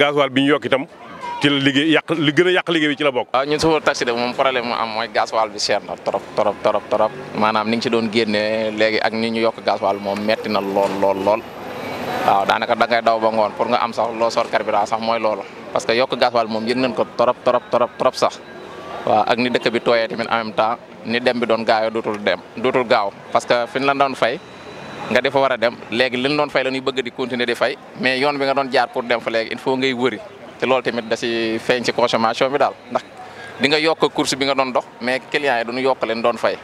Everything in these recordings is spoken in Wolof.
gasoil bi ñu yokk itam ci la liggéey yàq a yàq liggéey bi ci la bokk. waaw ñun chauffeur taxi de moom problème mu am mooy bi cher na trop trop trop trop maanaam ni nga ci doon génnee léegi ak ni ñu yokk gasoil moom metti lool lool waaw daanaka da daw ba ngoon pour nga am sax loo sor carburant sax mooy loolu parce que yokk gasoil moom yëg ko trop trop trop trop sax waaw ak ni dëkk bi tooyee tamit en même temps ni dem bi doon gaaw dem dootul gaaw parce que fi ñu fay. nga defa war a dem léegi li ñu doon fay la ñuy bëgg di continuer di fay mais yoon bi nga doon jaar pour dem fa léegi il faut ngay wëri te loolu tamit da si feeñ si consommation bi daal ndax di nga yokk course bi nga doon dox mais clients yi duñu yokk leen doon fay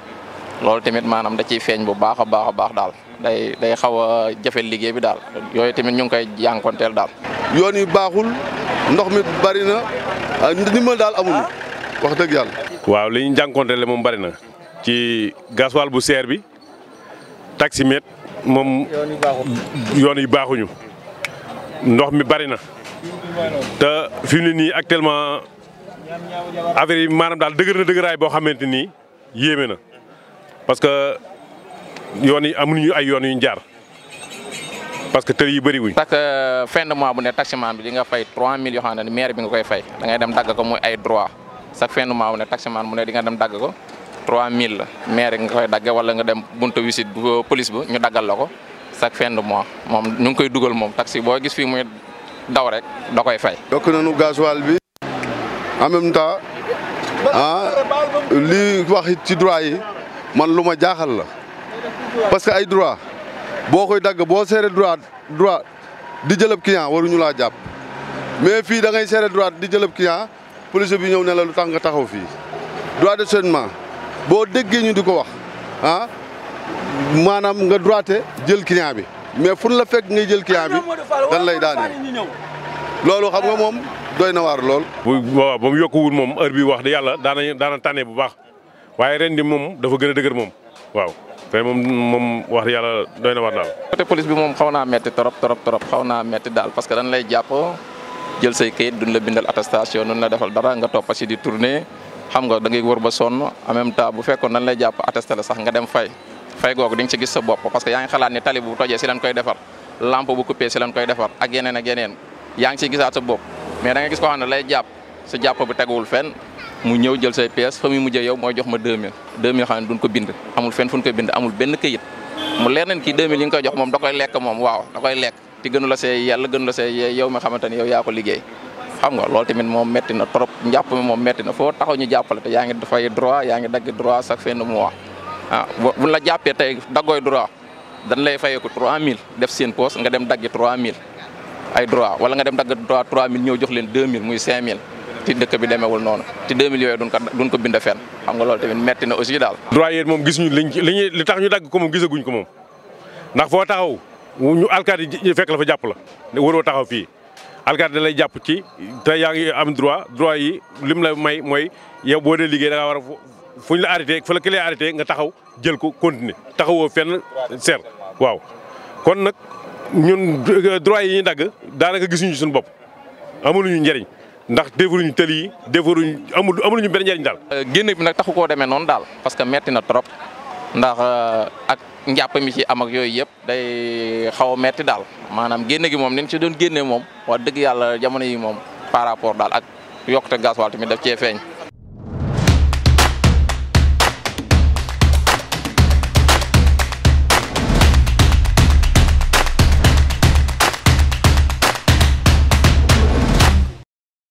loolu tamit maanaam da ciy feeñ bu baax a baax a baax daal day day xaw a jafe liggéey bi daal yooyu tamit ñu ngi koy jànkonteel daal. yoon yi baaxul ndox mi bari na ah, ni daal amul wax dëgg yàlla. waaw li ñu jànkonteel moom bari na ci gasoil bu seer bi. taximètre moom yoon yi baaxuñu ndox mi bari na te fi mu nii actuellement affaire yi maanaam daal dëgër na dëgëraay boo xamante nii yéeme na parce que yoon yi amuñu ay yoon yuñ jaar parce que tër yi bëri wuñ. parce que fin de ne taximan bi di nga fay 3 millions yoo xam ne maire bi nga koy fay dem dagg ko muy ay droit chaque fin de mois bu ne taximan mu ne di nga dem dagg ko. 3000 la maire nga koy dagge walla nga dem buntu visite bu police ba ñu daggal la ko chaque fin de mois moom ñu ngi koy dugal moom taxi boo gis fii muy daw rek da koy fay. yokk nañu gasoil bi en même temps ah li wax ci droit yi man lu ma jaaxal la parce que ay droit boo koy dagg boo seere droit droit di jëlëb client waruñu laa jàpp mais fii dangay ngay seere droit di jëlëb client police bi ñëw ne la lu tax nga taxaw fii droit de stationnement boo déggee ñu di ko wax ah maanaam nga droité jël client bi mais fu la fekk ngay jël client bi dan lay daane loolu xam nga moom doy na waar lool. bu waaw ba yokkuwul moom heure bi wax de yàlla daana daana tànnee bu baax waaye ren di moom dafa gën a dëgër moom waaw. te moom moom wax yàlla doy na war daal. côté police bi moom xaw naa metti trop trop trop xaw naa metti daal parce que dañ lay jàpp jël say kayit duñ la bindal attestation duñ la defal dara nga toppa si di tourner. xam nga da ngay wër ba son en même temps bu fekkoon nañ lay jàpp attesté la sax nga dem fay fay googu di nga gis sa bopp parce que yaa ngi xalaat ni tali bu tojee si lañ koy defar lampe bu coupé si lañ koy defar ak yeneen ak yeneen yaa ngi gisaat sa bopp mais da nga gis koo xam ne lay jàpp sa jàpp bi teguwul fenn mu ñëw jël say pièces fa mu mujjee yow mooy jox ma 2000 2000 xam ne duñ ko bind amul fenn fu ñu koy bind amul benn këyit mu leer nañ kii 2000 yi nga koy jox moom da koy lekk moom waaw da koy lekk ti gënu la see yow mi xamante ni yow yaa ko liggéey xam nga loolu tamit moom metti na trop njàpp mi moom metti na foo taxaw ñu jàppale te yaa ngi dafay droit yaa ngi dagg droit chaque fin de mois ah bu la jàppee tey daggooy droit dañ lay fayee ko 3000 def seen poos nga dem daggi 3000 ay droit wala nga dem dagg droit 3000 ñëw jox leen 2000 muy 5000 ci dëkk bi demeewul noonu ci 2000 yooyu duñ ko duñ ko bind fenn xam nga loolu tamit metti na aussi daal. droit yéen moom gisuñu liñ liñ tax ñu dagg ko moom gisaguñ ko moom ndax foo taxaw taxaw fii. alkaati da lay jàpp ci te yaa ngi am droit droit yi lim lay may mooy yow boo dee liggéey da ngaa war a fu ñu la arrêté fa la ki lay arrêté nga taxaw jël ko continuer taxawoo fenn seer waaw. kon nag ñun droit yi ñuy dagg daanaka gisuñu suñu bopp amuluñu njëriñ ndax defaruñu tëli yi defaruñu amul ñu benn njëriñ daal. génn bi nag taxu koo demee noonu daal parce que metti na trop ndax euh, njàpp mi ci am ak yooyu yëpp day xaw a metti daal maanaam génne gi moom ni ñu ci doon génne moom wax dëgg yàlla jamono yi moom par rapport daal ak yokkute gasoil tamit daf cee feeñ.